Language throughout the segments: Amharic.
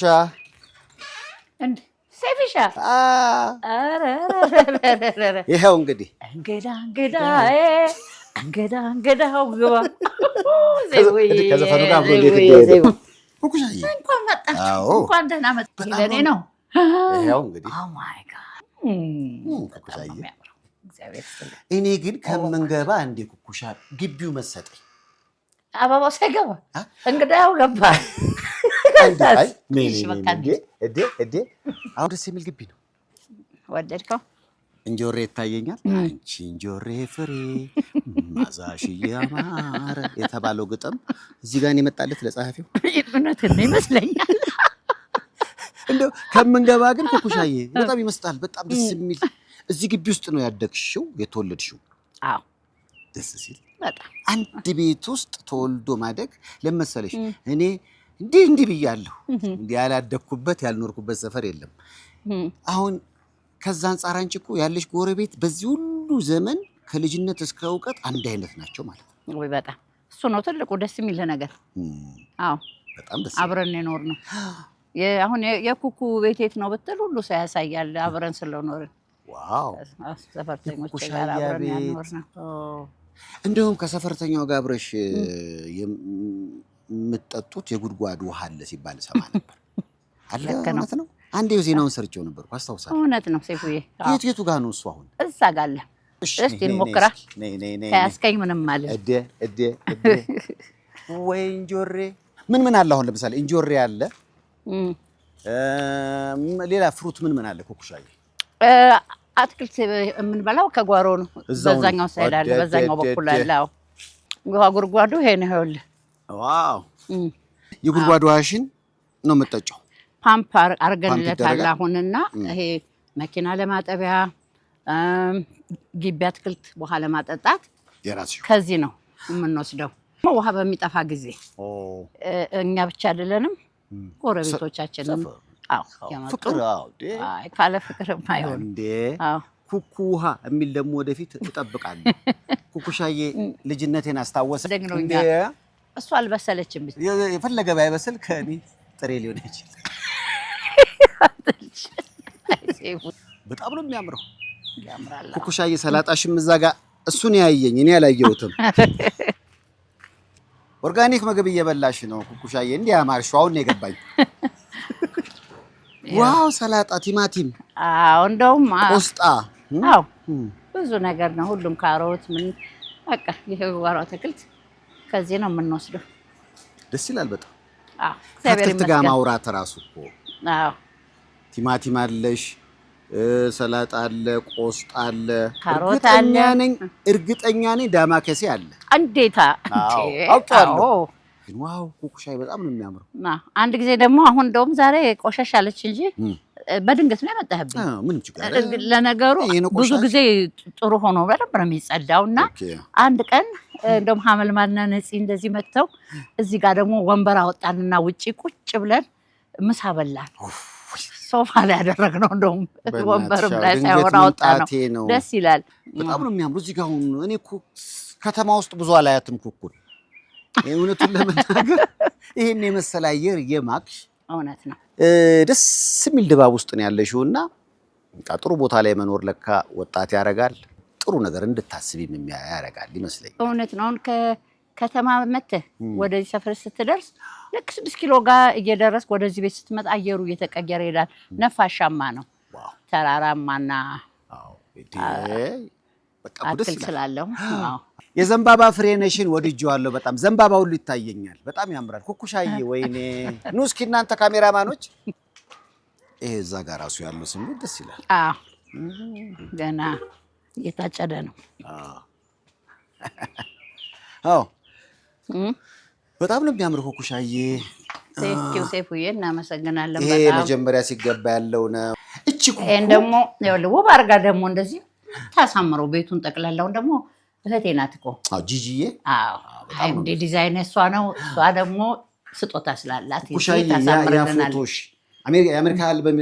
ሴፍሻ ሴፍሻ ይኸው እንግዲህ እንግዳ እንግዳ እንግዳ እንግዳው ግባ ከዘፈኑ ጋር እንኳን መጣችሁ፣ እንኳን ደህና መጣችሁ። ለእኔ ነው። ይኸው እንግዲህ እኔ ግን ከምንገባ እንዴ ኩኩሻ ግቢው መሰጠኝ አበባው ሳይገባ እንግዳው ገባ። አሁን ደስ የሚል ግቢ ነው። ወደድከው? እንጆሬ ይታየኛል። አንቺ እንጆሬ ፍሬ ማዛሽ እያማረ የተባለው ግጥም እዚህ ጋር የመጣለት ለጸሐፊው እውነትን ነው ይመስለኛል። እንደው ከምንገባ ግን ኩኩሻዬ በጣም ይመስጣል። በጣም ደስ የሚል እዚህ ግቢ ውስጥ ነው ያደግሽው የተወለድሽው? አዎ። ደስ ሲል በጣም አንድ ቤት ውስጥ ተወልዶ ማደግ ለመሰለሽ እኔ እንዲህ እንዲህ ብያለሁ። እንዲህ ያላደግኩበት ያልኖርኩበት ሰፈር የለም። አሁን ከዛ አንጻር አንቺ እኮ ያለሽ ጎረቤት በዚህ ሁሉ ዘመን ከልጅነት እስከ እውቀት አንድ አይነት ናቸው ማለት ነው። ወይ በጣም እሱ ነው ትልቁ ደስ የሚል ነገር። አዎ በጣም ደስ አብረን የኖር ነው። አሁን የኩኩ ቤት የት ነው ብትል ሁሉ ሰው ያሳያል። አብረን ስለኖርን ሰፈርተኞች አብረን ያኖር ነው። ከሰፈርተኛው ጋር አብረሽ የምትጠጡት የጉድጓድ ውሃ አለ ሲባል ሰማ ነበር። አለ እውነት ነው። አንዴ ዜናውን ሰርቼው ነበር አስታውሳለሁ። እውነት ነው ሴፉዬ። የቱ የቱ ጋር ነው እሱ? አሁን እዛ ጋር አለ። እስኪ እንሞክራ። ከያስቀኝ ምንም አለ እደ እደ ወይ እንጆሬ ምን ምን አለ? አሁን ለምሳሌ እንጆሬ አለ። ሌላ ፍሩት ምን ምን አለ? ኮኩሻዬ አትክልት የምንበላው ከጓሮ ነው። በዛኛው ሳይድ አለ፣ በዛኛው በኩል አለ። ውሃ ጉድጓዱ ይሄ ይኸውልህ ዋው! የጉድጓድ ውሃሽን ነው የምጠጫው? ፓምፕ አርገንለታል አሁንና ይሄ መኪና ለማጠቢያ ግቢ አትክልት ውሃ ለማጠጣት ከዚህ ነው የምንወስደው። ውሃ በሚጠፋ ጊዜ እኛ ብቻ አይደለንም፣ ጎረቤቶቻችንም ካለ ፍቅር ማይሆን ኩኩ ውሃ የሚል ደግሞ ወደፊት እጠብቃለሁ። ኩኩሻዬ ልጅነቴን አስታወሰ። እሱ አልበሰለችም። የፈለገ ባይበስል ከእኔ ጥሬ ሊሆን ይችላል። በጣም ነው የሚያምረው። ኩኩሻዬ ሰላጣሽም እዛ ጋር እሱን ያየኝ እኔ አላየሁትም። ኦርጋኒክ ምግብ እየበላሽ ነው ኩኩሻዬ። እንዲህ ያማርሽ አሁን ነው የገባኝ። ዋው ሰላጣ፣ ቲማቲም፣ አዎ እንደውም ቆስጣ፣ አዎ ብዙ ነገር ነው ሁሉም፣ ካሮት ምን በቃ ይሄ ወራው አትክልት ከዚህ ነው የምንወስደው። ደስ ይላል በጣም ከአትክልት ጋር ማውራት እራሱ እኮ ቲማቲም አለሽ፣ ሰላጣ አለ፣ ቆስጣ አለ፣ ካሮት ነኝ እርግጠኛ ነኝ ዳማከሴ አለ። እንዴታ አውቃለሁ። ግን ዋው ኩኩሻይ በጣም ነው የሚያምረው። አንድ ጊዜ ደግሞ አሁን እንደውም ዛሬ ቆሸሽ አለች እንጂ በድንገት ነው ያመጣህብኝ። ለነገሩ ብዙ ጊዜ ጥሩ ሆኖ በደንብ ነው የሚጸዳው እና አንድ ቀን እንደውም ሀመልማና ነፂ እንደዚህ መጥተው እዚህ ጋር ደግሞ ወንበር አወጣንና ውጭ ቁጭ ብለን ምሳ በላን። ሶፋ ላይ ያደረግነው እንደውም ወንበርም ላይ ሳይሆን አወጣ ነው። ደስ ይላል። በጣም ነው የሚያምሩ። እዚህ ጋር አሁን እኔ ከተማ ውስጥ ብዙ አላያትም ኩኩል እውነቱን ለመናገር ይህን የመሰለ አየር የማቅሽ እውነት ነው። ደስ የሚል ድባብ ውስጥ ነው ያለሽው እና ጥሩ ቦታ ላይ መኖር ለካ ወጣት ያደርጋል። ጥሩ ነገር እንድታስቢም ያደርጋል ይመስለኛል። እውነት ነው። አሁን ከተማ መጥተህ ወደዚህ ሰፈር ስትደርስ ልክ ስድስት ኪሎ ጋር እየደረስክ ወደዚህ ቤት ስትመጣ አየሩ እየተቀየረ ይሄዳል። ነፋሻማ ነው፣ ተራራማና አትክልት ስላለው የዘንባባ ፍሬ ነሽን ወድጄዋለሁ በጣም ዘንባባ ሁሉ ይታየኛል። በጣም ያምራል። ኩኩሻዬ ወይኔ ኑ እስኪ እናንተ ካሜራማኖች፣ ይሄ እዛ ጋር ራሱ ያለው ስሜት ደስ ይላል። ገና እየታጨደ ነው። አዎ በጣም ነው የሚያምር ኩኩሻዬ። ሴፉዬ እናመሰግናለን። ይሄ መጀመሪያ ሲገባ ያለው ነው። እቺ ደግሞ ውብ አድርጋ ደግሞ እንደዚህ ታሳምረው ቤቱን ጠቅላላውን ደግሞ እህቴ ናት እኮ ጂጂዬ። እንደ ዲዛይን እሷ ነው። እሷ ደግሞ ስጦታ ስላላት ፎቶሽ የአሜሪካ አልበም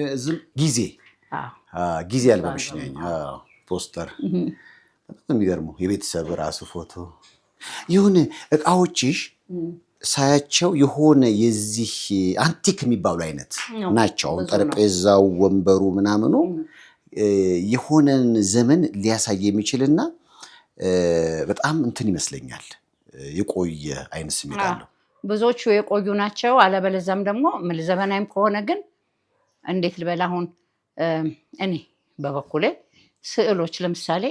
ጊዜ ጊዜ አልበምሽ ነኝ ፖስተር በጣም የሚገርመው የቤተሰብ ራሱ ፎቶ ይሁን እቃዎችሽ ሳያቸው የሆነ የዚህ አንቲክ የሚባሉ አይነት ናቸው። አሁን ጠረጴዛው፣ ወንበሩ ምናምኑ የሆነን ዘመን ሊያሳይ የሚችልና በጣም እንትን ይመስለኛል የቆየ አይነት ስሜት አለው። ብዙዎቹ የቆዩ ናቸው። አለበለዛም ደግሞ ዘመናዊም ከሆነ ግን እንዴት ልበል አሁን እኔ በበኩሌ ስዕሎች ለምሳሌ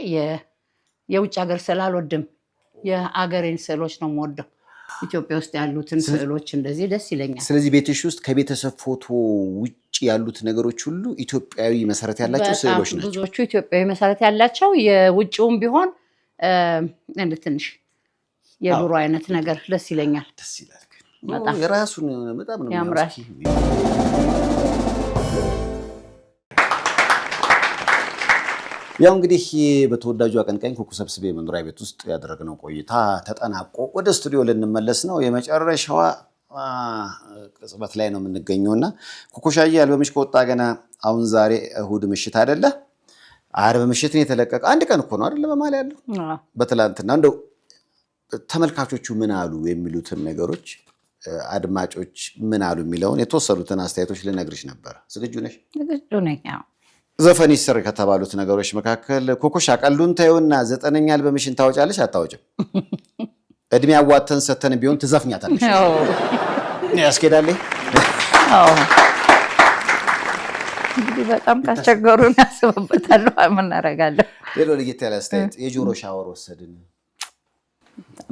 የውጭ ሀገር ስዕል አልወድም። የአገሬን ስዕሎች ነው የምወደው። ኢትዮጵያ ውስጥ ያሉትን ስዕሎች እንደዚህ ደስ ይለኛል። ስለዚህ ቤትሽ ውስጥ ከቤተሰብ ፎቶ ውጭ ያሉት ነገሮች ሁሉ ኢትዮጵያዊ መሰረት ያላቸው ስዕሎች ናቸው። ብዙዎቹ ኢትዮጵያዊ መሰረት ያላቸው የውጭውም ቢሆን እንደ ትንሽ የዶሮ አይነት ነገር ደስ ይለኛል። ደስ ይላል። የራሱን በጣም ነው ያምራል። ያው እንግዲህ በተወዳጁ አቀንቃኝ ኩኩ ሰብስቤ መኖሪያ ቤት ውስጥ ያደረግነው ቆይታ ተጠናቆ ወደ ስቱዲዮ ልንመለስ ነው። የመጨረሻዋ ቅጽበት ላይ ነው የምንገኘው እና ኩኩሻዬ አልበምሽ ከወጣ ገና አሁን ዛሬ እሁድ ምሽት አይደለ? ዓርብ ምሽት ነው የተለቀቀ። አንድ ቀን እኮ ነው አይደለ? በማል ያለው በትላንትና እንደው ተመልካቾቹ ምን አሉ የሚሉትን ነገሮች አድማጮች ምን አሉ የሚለውን የተወሰኑትን አስተያየቶች ልነግርሽ ነበረ። ዝግጁ ነሽ? ዝግጁ ነኝ። ዘፈን ይስር ከተባሉት ነገሮች መካከል ኮኮሽ አቀሉን ታዩና ዘጠነኛ አልበምሽን ታወጫለሽ አታወጭም? እድሜ አዋተን ሰተን ቢሆን ትዘፍኛታለሽ ያስኬዳለ በጣም ካስቸገሩ ያስበበታሉ። ምናረጋለሁ ሌሎ ለየት ያለ አስተያየት የጆሮ ሻወር ወሰድን።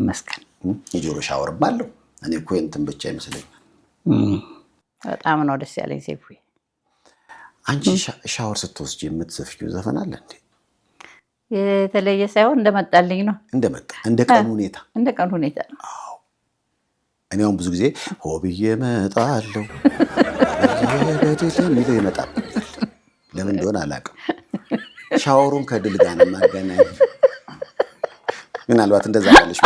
መስከን የጆሮ ሻወር ባለው እኔ እኮ እንትን ብቻ ይመስለኛል። በጣም ነው ደስ ያለኝ ሴፍ። አንቺ ሻወር ስትወስጅ የምትዘፍቂው ዘፈን አለ እንዴ? የተለየ ሳይሆን እንደመጣልኝ ነው። እንደመጣ እንደ ቀኑ ሁኔታ እንደ ቀኑ ሁኔታ ነው። እኔ አሁን ብዙ ጊዜ ሆብዬ እመጣለሁ ሚለው ይመጣል ለምን እንደሆነ አላውቅም። ሻወሩን ከድል ጋር ነው ማገናኝ። ምናልባት እንደዛ ያለች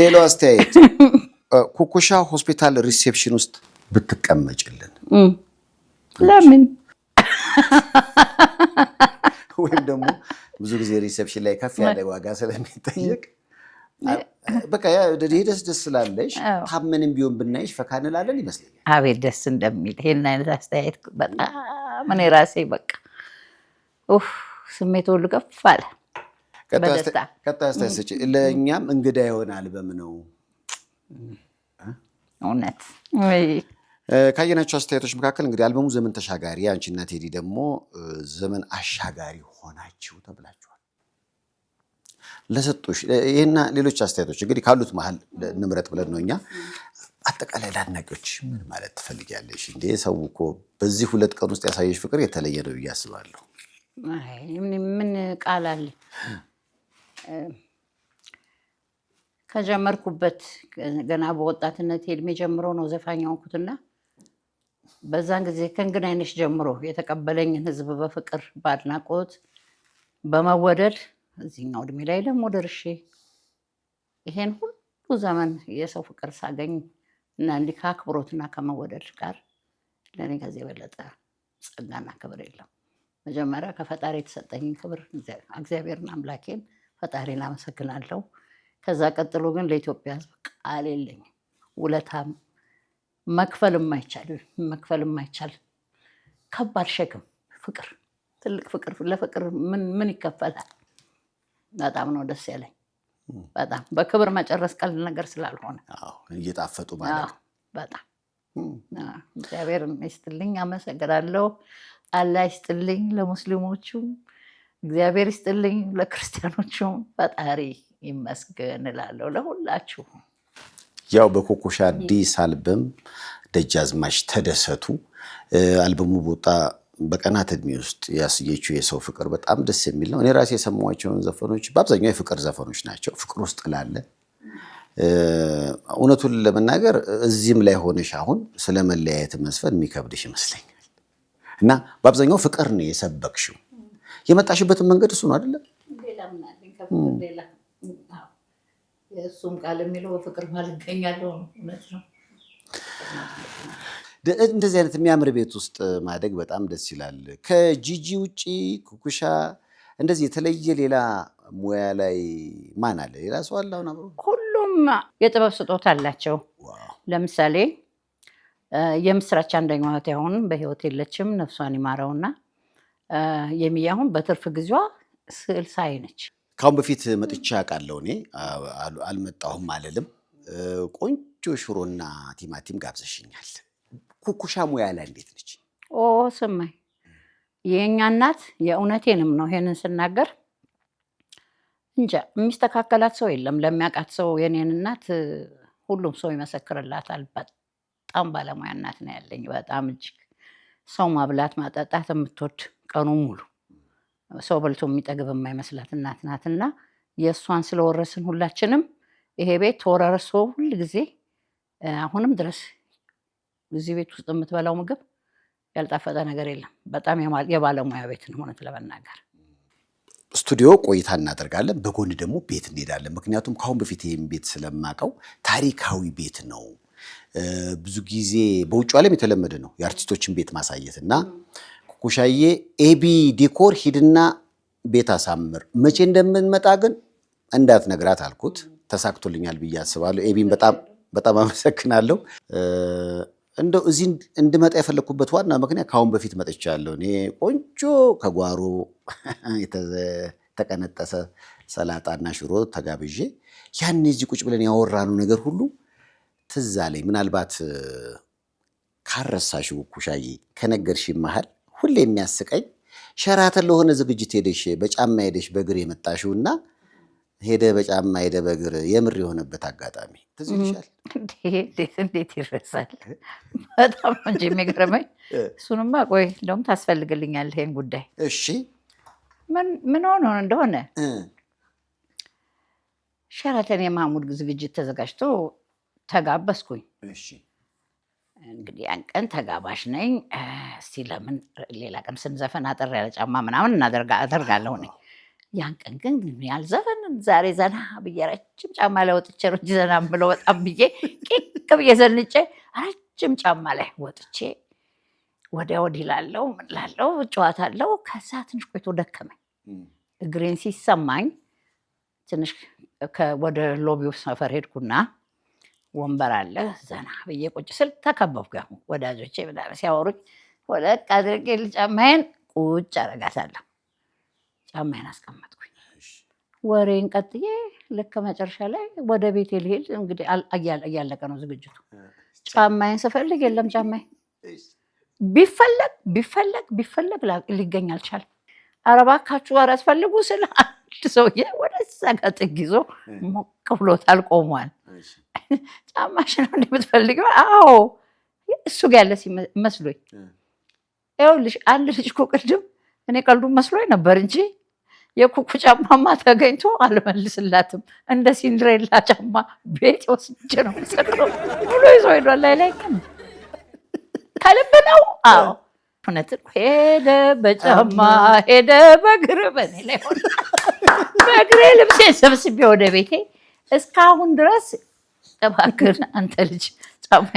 ሌላው አስተያየት ኩኩሻ ሆስፒታል ሪሴፕሽን ውስጥ ብትቀመጭልን ለምን ወይም ደግሞ ብዙ ጊዜ ሪሴፕሽን ላይ ከፍ ያለ ዋጋ ስለሚጠየቅ በቃ ደስ ደስ ስላለሽ ታመንም ቢሆን ብናይሽ ፈካ እንላለን ይመስለኛል። አቤት ደስ እንደሚል ይህን አይነት አስተያየት በጣም እኔ ራሴ በቃ ስሜት ሁሉ ከፍ አለ። ቀጣይ አስተያየት ስጪ። ለእኛም እንግዳ ይሆናል በምነው እውነት ካየናቸው አስተያየቶች መካከል እንግዲህ አልበሙ ዘመን ተሻጋሪ፣ አንቺና ቴዲ ደግሞ ዘመን አሻጋሪ ሆናችሁ ተብላችሁ ለሰጡሽ ይህና ሌሎች አስተያየቶች እንግዲህ ካሉት መሀል ንምረጥ ብለን ነው እኛ። አጠቃላይ ለአድናቂዎች ምን ማለት ትፈልጊያለሽ? እንደ ሰው እኮ በዚህ ሁለት ቀን ውስጥ ያሳየሽ ፍቅር የተለየ ነው ብዬ አስባለሁ። ምን ቃል አለ? ከጀመርኩበት ገና በወጣትነት ዕድሜ ጀምሮ ነው ዘፋኝ ሆንኩትና በዛን ጊዜ ከእንግዳይነሽ ጀምሮ የተቀበለኝን ህዝብ በፍቅር በአድናቆት በመወደድ እዚህኛው እድሜ ላይ ደግሞ ደርሼ ይሄን ሁሉ ዘመን የሰው ፍቅር ሳገኝ እና እንዲህ ከአክብሮትና ከመወደድ ጋር ለእኔ ከዚህ የበለጠ ጸጋና ክብር የለም። መጀመሪያ ከፈጣሪ የተሰጠኝን ክብር እግዚአብሔርን አምላኬን ፈጣሪን አመሰግናለሁ። ከዛ ቀጥሎ ግን ለኢትዮጵያ ሕዝብ ቃል የለኝም። ውለታም መክፈል የማይቻል መክፈል የማይቻል ከባድ ሸክም ፍቅር፣ ትልቅ ፍቅር። ለፍቅር ምን ይከፈላል? በጣም ነው ደስ ያለኝ። በጣም በክብር መጨረስ ቀል ነገር ስላልሆነ እየጣፈጡ ማለት በጣም እግዚአብሔር ይስጥልኝ፣ አመሰግናለሁ። አላ ይስጥልኝ ለሙስሊሞቹም፣ እግዚአብሔር ይስጥልኝ ለክርስቲያኖቹም። ፈጣሪ ይመስገን እላለሁ ለሁላችሁ። ያው በኮኮሻ አዲስ አልበም ደጃዝማች ተደሰቱ አልበሙ በወጣ በቀናት እድሜ ውስጥ ያስየችው የሰው ፍቅር በጣም ደስ የሚል ነው። እኔ ራሴ የሰማኋቸውን ዘፈኖች በአብዛኛው የፍቅር ዘፈኖች ናቸው። ፍቅር ውስጥ ላለ እውነቱን ለመናገር እዚህም ላይ ሆነሽ አሁን ስለ መለያየት መስፈን የሚከብድሽ ይመስለኛል። እና በአብዛኛው ፍቅር ነው የሰበክሽው። የመጣሽበትን መንገድ እሱ ነው አይደለም? እሱም ቃል የሚለው በፍቅር ማልገኛለው እውነት ነው። እንደዚህ አይነት የሚያምር ቤት ውስጥ ማደግ በጣም ደስ ይላል። ከጂጂ ውጭ ኩኩሻ እንደዚህ የተለየ ሌላ ሙያ ላይ ማን አለ? ሌላ ሰው አለ? አሁን አብሮ ሁሉም የጥበብ ስጦታ አላቸው። ለምሳሌ የምስራች አንደኛው እህቴ አሁን በህይወት የለችም፣ ነፍሷን ይማረውና የሚያ አሁን በትርፍ ጊዜዋ ስዕል ሳይ ነች። ከአሁን በፊት መጥቼ አውቃለሁ። እኔ አልመጣሁም አልልም። ቆንጆ ሽሮና ቲማቲም ጋብዘሽኛል። ኩኩሻ ላይ እንዴት ነች? ኦ ስማኝ፣ የእኛ እናት የእውነቴንም ነው ይሄንን ስናገር እንጃ የሚስተካከላት ሰው የለም። ለሚያውቃት ሰው የኔን እናት ሁሉም ሰው ይመሰክርላታል። በጣም ባለሙያ እናት ነው ያለኝ። በጣም እጅግ ሰው ማብላት ማጠጣት የምትወድ ቀኑ ሙሉ ሰው በልቶ የሚጠግብ የማይመስላት እናት ናትና የእሷን ስለወረስን ሁላችንም ይሄ ቤት ተወራርሶ ሁል ጊዜ አሁንም ድረስ እዚህ ቤት ውስጥ የምትበላው ምግብ ያልጣፈጠ ነገር የለም። በጣም የባለሙያ ቤት ነው እውነት ለመናገር። ስቱዲዮ ቆይታ እናደርጋለን፣ በጎን ደግሞ ቤት እንሄዳለን። ምክንያቱም ከአሁን በፊት ይህም ቤት ስለማቀው ታሪካዊ ቤት ነው። ብዙ ጊዜ በውጭ ዓለም የተለመደ ነው የአርቲስቶችን ቤት ማሳየት እና ኩኩሻዬ ኤቢ ዲኮር ሂድና ቤት አሳምር፣ መቼ እንደምንመጣ ግን እንዳት ነግራት አልኩት። ተሳክቶልኛል ብዬ አስባለሁ። ኤቢን በጣም በጣም አመሰግናለሁ። እንደው እዚህ እንድመጣ የፈለግኩበት ዋና ምክንያት ከአሁን በፊት መጥቻለሁ። እኔ ቆንጆ ከጓሮ የተቀነጠሰ ሰላጣና ሽሮ ተጋብዤ ያን እዚህ ቁጭ ብለን ያወራነው ነገር ሁሉ ትዝ አለኝ። ምናልባት ካረሳሽ ኩሻዬ ከነገርሽ መሃል ሁሌ የሚያስቀኝ ሸራተን ለሆነ ዝግጅት ሄደሽ በጫማ ሄደሽ በእግር እና ሄደ በጫማ ሄደ በእግር የምር የሆነበት አጋጣሚ ትዝ ይልሻል? እንዴት ይረሳል? በጣም እንጂ የሚገርመኝ እሱንማ፣ ቆይ እንደውም ታስፈልግልኛል ይሄን ጉዳይ። እሺ ምን ሆኖ እንደሆነ ሸራተን የማሙድ ዝግጅት ተዘጋጅቶ ተጋበዝኩኝ። እንግዲህ ያን ቀን ተጋባሽ ነኝ። እስቲ ለምን ሌላ ቀን ስንዘፈን አጠር ያለ ጫማ ምናምን አደርጋለሁ ነኝ ያን ቀን ግን ያልዘፈንን ዛሬ ዘና ብዬ ረጅም ጫማ ላይ ወጥቼ ነው ዘና ብለው ወጣም ብዬ ቂቅ ብዬ ዘንጬ ረጅም ጫማ ላይ ወጥቼ ወዲያ ወዲህ ላለው ምን ላለው ጨዋታ አለው። ከዛ ትንሽ ቆይቶ ደከመኝ፣ እግሬን ሲሰማኝ ትንሽ ወደ ሎቢው ሰፈር ሄድኩና ወንበር አለ ዘና ብዬ ቁጭ ስል ተከበብኩ። ያሁ ወዳጆቼ ሲያወሩኝ ወለቅ አድርጌ ጫማዬን ቁጭ አረጋታለሁ። ጫማዬን አስቀመጥኩኝ። ወሬን ቀጥዬ ልክ መጨረሻ ላይ ወደ ቤቴ ልሄድ እንግዲህ እያለቀ ነው ዝግጅቱ። ጫማዬን ስፈልግ የለም ጫማዬ ቢፈለግ ቢፈለግ ቢፈለግ ሊገኝ አልቻለም። ኧረ እባካችሁ ኧረ አስፈልጉ ስለ አንድ ሰውዬ ወደዛ ጋር ጥግ ይዞ ሞቅ ብሎታል ቆሟል። ጫማሽ ነው እንደምትፈልግ አዎ እሱ ጋ ያለ መስሎኝ። ይኸውልሽ አንድ ልጅ እኮ ቅድም እኔ ቀልዱ መስሎኝ ነበር እንጂ የኩኩ ጫማማ ተገኝቶ አልመልስላትም። እንደ ሲንድሬላ ጫማ ቤት ወስጄ ነው ሰጠው ብሎ ይዞ ሄዷል። ላይ ላይ ከልብ ነው። አዎ እውነትን ሄደ በጫማ ሄደ በግር በኔ ላይ ሆነ። በእግሬ ልብሴ ሰብስቤ ወደ ቤቴ እስካሁን ድረስ እባክህን አንተ ልጅ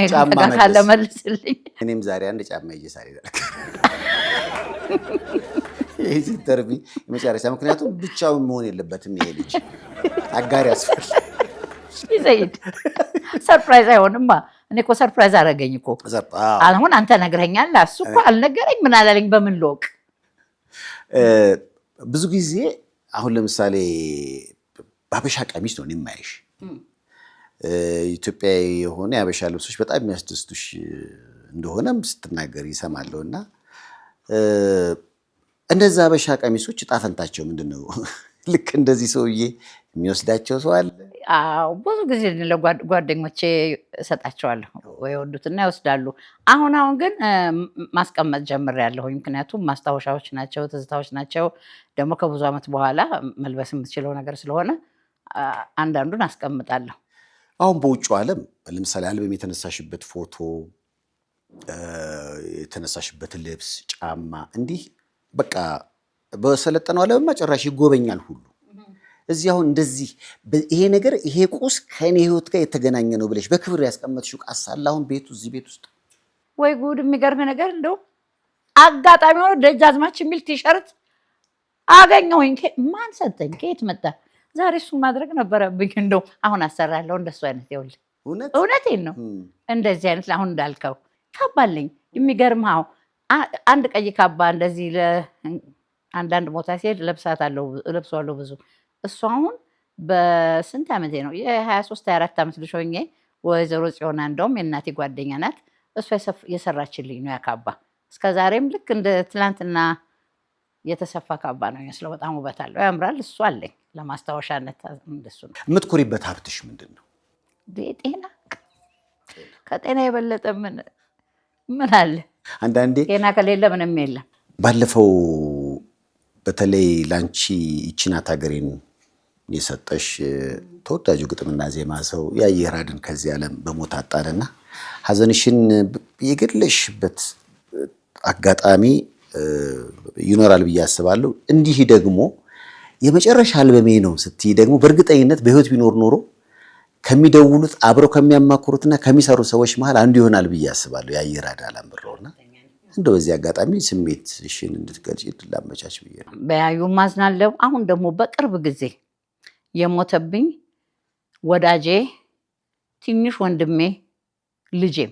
ጫማ ካለመልስልኝ እኔም ዛሬ አንድ ጫማ ይዤ ሳልሄድ የኢንተርቪ የመጨረሻ ምክንያቱም ብቻው መሆን የለበትም ይሄ ልጅ አጋር ያስፈልግ ይዘይድ ሰርፕራይዝ አይሆንማ እኔ እኮ ሰርፕራይዝ አረገኝ እኮ አሁን አንተ ነግረኛል ላሱ እኮ አልነገረኝ ምን አላለኝ በምን ልወቅ ብዙ ጊዜ አሁን ለምሳሌ በሀበሻ ቀሚስ ነው የማይሽ ኢትዮጵያ የሆነ የሀበሻ ልብሶች በጣም የሚያስደስቱሽ እንደሆነም ስትናገር ይሰማለሁ እና እንደዛ አበሻ ቀሚሶች ጣፈንታቸው ፈንታቸው ምንድን ነው? ልክ እንደዚህ ሰውዬ የሚወስዳቸው ሰው አለ። አዎ ብዙ ጊዜ ለጓደኞቼ እሰጣቸዋለሁ፣ የወዱትና ይወስዳሉ። አሁን አሁን ግን ማስቀመጥ ጀምሬያለሁኝ፣ ምክንያቱም ማስታወሻዎች ናቸው፣ ትዝታዎች ናቸው። ደግሞ ከብዙ ዓመት በኋላ መልበስ የምትችለው ነገር ስለሆነ አንዳንዱን አስቀምጣለሁ። አሁን በውጭ ዓለም ለምሳሌ አልበም የተነሳሽበት ፎቶ፣ የተነሳሽበት ልብስ፣ ጫማ እንዲህ በቃ በሰለጠነው ዓለም ጭራሽ ይጎበኛል ሁሉ እዚህ አሁን እንደዚህ ይሄ ነገር ይሄ ቁስ ከእኔ ህይወት ጋር የተገናኘ ነው ብለሽ በክብር ያስቀመጥሽው ቃስ አለ አሁን ቤቱ እዚህ ቤት ውስጥ ወይ ጉድ! የሚገርም ነገር እንደው አጋጣሚ ሆኖ ደጃዝማች የሚል ቲሸርት አገኘሁኝ። ማን ሰጠኝ? ከየት መጣ? ዛሬ እሱን ማድረግ ነበረብኝ። እንደው አሁን አሰራለሁ እንደሱ አይነት ይኸውልህ፣ እውነቴን ነው። እንደዚህ አይነት አሁን እንዳልከው ከባለኝ የሚገርምህ አንድ ቀይ ካባ እንደዚህ አንዳንድ ቦታ ሲሄድ ለብሳታለሁ ብዙ እሱ አሁን በስንት ዓመቴ ነው የሀያ ሶስት ሀያ አራት ዓመት ልጅ ሆኜ ወይዘሮ ጽዮና እንደውም የእናቴ ጓደኛ ናት። እሷ የሰራችልኝ ነው ያካባ እስከ ዛሬም ልክ እንደ ትላንትና የተሰፋ ካባ ነው ይመስለው። በጣም ውበት አለው፣ ያምራል። እሱ አለኝ ለማስታወሻነት። እንደሱ ነው የምትኮሪበት። ሀብትሽ ምንድን ነው? ጤና። ከጤና የበለጠ ምን ምን አለ? አንዳንዴ ጤና ከሌለ ምንም የለም። ባለፈው በተለይ ላንቺ ይችናት ሀገሬን የሰጠሽ ተወዳጁ ግጥምና ዜማ ሰው የአየር አድን ከዚህ ዓለም በሞት አጣንና ሀዘንሽን የገለሽበት አጋጣሚ ይኖራል ብዬ አስባለሁ። እንዲህ ደግሞ የመጨረሻ አልበሜ ነው ስትይ ደግሞ በእርግጠኝነት በህይወት ቢኖር ኖሮ ከሚደውሉት አብረው ከሚያማክሩትና ከሚሰሩ ሰዎች መሀል አንዱ ይሆናል ብዬ አስባለሁ። የአየር አዳ አላምብረውና እንደ በዚህ አጋጣሚ ስሜት እሽን እንድትገልጭ ላመቻች ብዬ ነው። በያዩ ማዝናለው። አሁን ደግሞ በቅርብ ጊዜ የሞተብኝ ወዳጄ ትንሽ ወንድሜ ልጄም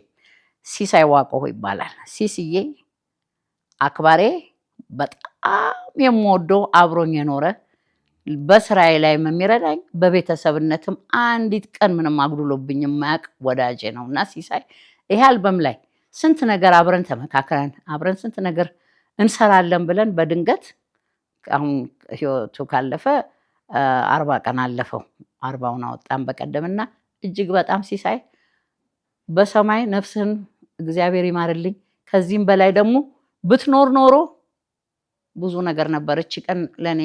ሲሳይ ዋቆሆ ይባላል። ሲስዬ አክባሬ፣ በጣም የምወደው አብሮኝ የኖረ በስራዬ ላይም የሚረዳኝ በቤተሰብነትም አንዲት ቀን ምንም አጉድሎብኝ የማያውቅ ወዳጄ ነው እና ሲሳይ ይሄ አልበም ላይ ስንት ነገር አብረን ተመካክረን አብረን ስንት ነገር እንሰራለን ብለን በድንገት አሁን ህይወቱ ካለፈ አርባ ቀን አለፈው። አርባውን አወጣን በቀደምና እጅግ በጣም ሲሳይ በሰማይ ነፍስህን እግዚአብሔር ይማርልኝ። ከዚህም በላይ ደግሞ ብትኖር ኖሮ ብዙ ነገር ነበር። እቺ ቀን ለእኔ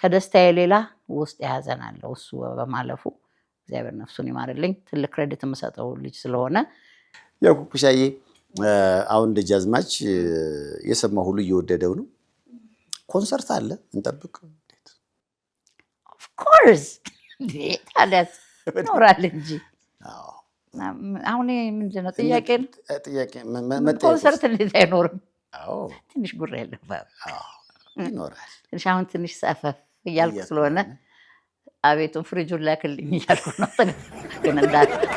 ከደስታዬ ሌላ ውስጥ የያዘን አለው። እሱ በማለፉ እግዚአብሔር ነፍሱን ይማርልኝ። ትልቅ ክሬዲት የምሰጠው ልጅ ስለሆነ ያው ኩኩሻዬ አሁን ደጃዝማች የሰማ ሁሉ እየወደደው ነው። ኮንሰርት አለ እንጠብቅ። ኦፍኮርስ ታዲያስ ይኖራል እንጂ አሁን ምንድን ነው ጥያቄ ነው። ኮንሰርት እንዴት አይኖርም? ትንሽ ጉራ ያለባ ይኖራል። ትንሽ አሁን ትንሽ ሰፈፍ እያልኩ ስለሆነ አቤቱን ፍሪጁን ላክልኝ እያልኩ ነው። ግን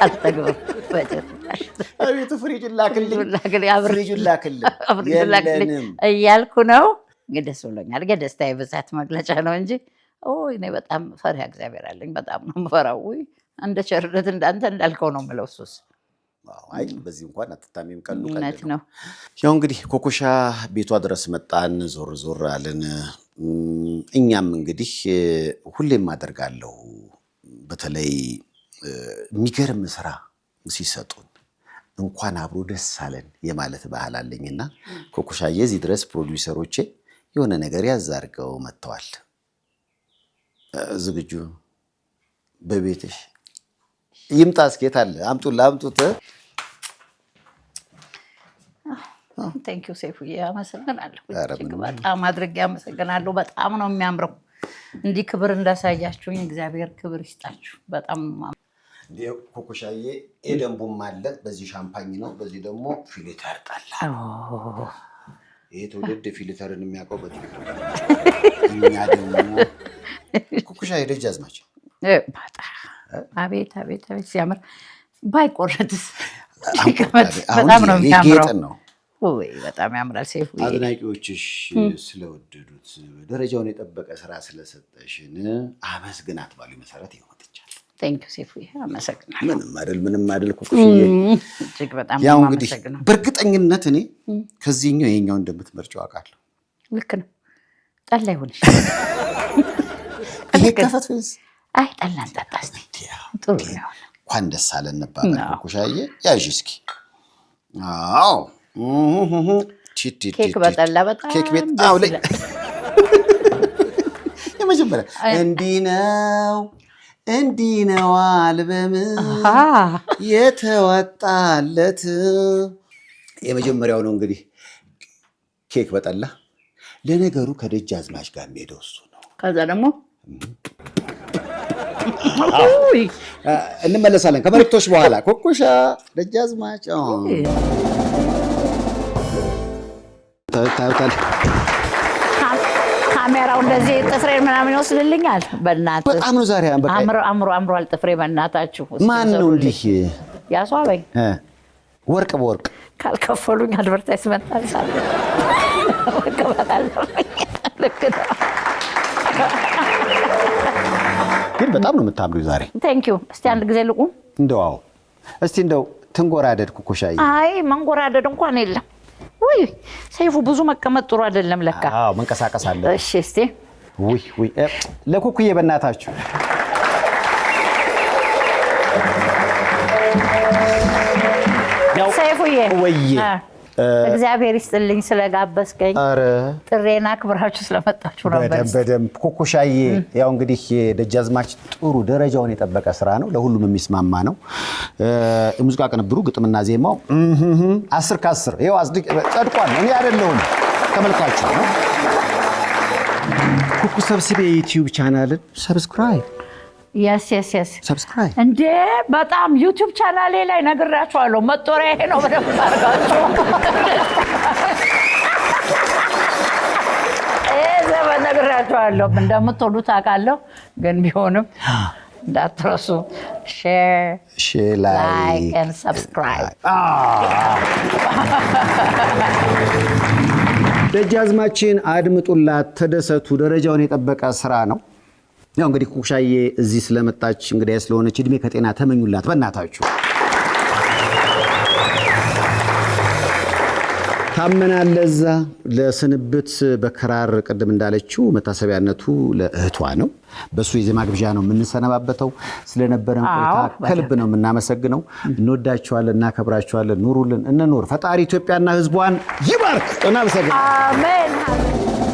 አልጠግብም በጭራሽ። አቤቱ ፍሪጁን ላክልኝ እያልኩ ነው። ደስ ብሎኛል። ደስታ የብዛት መግለጫ ነው እንጂ እኔ በጣም ፈሪሃ እግዚአብሔር አለኝ። በጣም ነው የምፈራው። እንደ ቸርነት እንዳንተ እንዳልከው ነው የምለው ሱስ አይ በዚህ እንኳን አትታሚም ቀሉ ነው። ያው እንግዲህ ኮኮሻ ቤቷ ድረስ መጣን፣ ዞር ዞር አለን። እኛም እንግዲህ ሁሌም አደርጋለሁ በተለይ የሚገርም ስራ ሲሰጡን እንኳን አብሮ ደስ አለን የማለት ባህል ድረስ ፕሮዲውሰሮቼ የሆነ ነገር መጥተዋል። ዝግጁ በቤትሽ ይምጣ ስኬት አለ አምጡ አምጡት። ቴንክ ዩ ሴፉዬ፣ አመሰግናለሁ። በጣም አድርጌ አመሰግናለሁ። በጣም ነው የሚያምረው። እንዲህ ክብር እንዳሳያችሁኝ እግዚአብሔር ክብር ይስጣችሁ። በጣም ኮኮሻዬ፣ የደንቡም አለ። በዚህ ሻምፓኝ ነው፣ በዚህ ደግሞ ፊልተር ጠላ። ይህ ትውልድ ፊልተርን የሚያውቀው በ እኛ ደግሞ ኮኮሻዬ ደጃዝማች በጣም አቤት አቤት አቤት ሲያምር! ባይቆረጥስ በጣም ነው የሚያምረው። በጣም ያምራል። ሴፍ አድናቂዎችሽ ስለወደዱት ደረጃውን የጠበቀ ስራ ስለሰጠሽን አመስግናት ባሉ መሰረት ይወጥቻል። ሴፍ አመሰግናለሁ። ምንም አይደል ምንም አይደል። ያው እንግዲህ በእርግጠኝነት እኔ ከዚህኛው ይሄኛው እንደምትመርጪው አውቃለሁ። ልክ ነው። ጠላ ይሆንሽ ይሄ ከፈት አይ ጠላን እንጠጣ እስኪ። ጥሩ እንኳን ደስ አለን እንባባል። ኩሻዬ ያዥ እስኪ። አዎ ኬክ በጠላ በጣም ቤት አው ላይ የመጀመሪያ እንዲህ ነው እንዲህ ነው አልበም የተዋጣለት የመጀመሪያው ነው እንግዲህ ኬክ በጠላ ለነገሩ ከደጅ አዝማች ጋር የሚሄደው እሱ ነው። ከዛ ደግሞ እንመለሳለን ከመልእክቶች በኋላ። ኮኮሻ ደጃዝማች ካሜራው እንደዚህ ጥፍሬ ምናምን ይወስድልኛል። በእናትህ በጣም ነው ዛሬ አምሮ አምሯል ጥፍሬ። በእናታችሁ ማን ነው እንዲህ ያስዋበኝ? ወርቅ በወርቅ ካልከፈሉኝ ልክ ነው ግን በጣም ነው የምታምሪው ዛሬ። ቴንክ ዩ። እስቲ አንድ ጊዜ ልቁም እንደው። አዎ እስቲ እንደው ትንጎራደድ እኮ አይ መንጎራደድ እንኳን የለም። ውይ ሰይፉ ብዙ መቀመጥ ጥሩ አይደለም ለካ። አዎ መንቀሳቀስ አለ። እሺ እስቲ ውይ ውይ፣ ለኩኩዬ በእናታችሁ ሰይፉዬ፣ ወይ እግዚአብሔር ይስጥልኝ ስለጋበዝከኝ። ጥሬን አክብራችሁ ስለመጣችሁ ነው። በደንብ ኮኮሻዬ። ያው እንግዲህ ደጃዝማች ጥሩ ደረጃውን የጠበቀ ስራ ነው፣ ለሁሉም የሚስማማ ነው። የሙዚቃ ቅንብሩ፣ ግጥምና ዜማው አስር ከአስር ይኸው ጸድቋል። እኔ አይደለሁም ተመልካችሁ ነው። ኩኩ ሰብስቤ ዩቲዩብ ቻናልን ሰብስክራይብ የስ እንዴ በጣም ዩቲዩብ ቻናሌ ላይ ነግራችኋለሁ። መጦሪያ ይሄ ነው። በደምብ አድርጋችሁ ዘመን ነግራችኋለሁ። እንደምትወዱት አውቃለሁ፣ ግን ቢሆንም እንዳትረሱ ሼር፣ ላይክ፣ ሰብስክራይብ። ደጃዝማችን አድምጡላት፣ ተደሰቱ። ደረጃውን የጠበቀ ስራ ነው። ያው እንግዲህ ኩኩሻዬ እዚህ ስለመጣች እንግዲህ ስለሆነች እድሜ ከጤና ተመኙላት በእናታችሁ። ታመናለ እዛ ለስንብት በክራር ቅድም እንዳለችው መታሰቢያነቱ ለእህቷ ነው። በእሱ የዜማ ግብዣ ነው የምንሰነባበተው። ስለነበረን ከልብ ነው የምናመሰግነው። እንወዳችኋለን፣ እናከብራችኋለን። ኑሩልን፣ እንኑር። ፈጣሪ ኢትዮጵያና ሕዝቧን ይባርክ። እናመሰግናለን።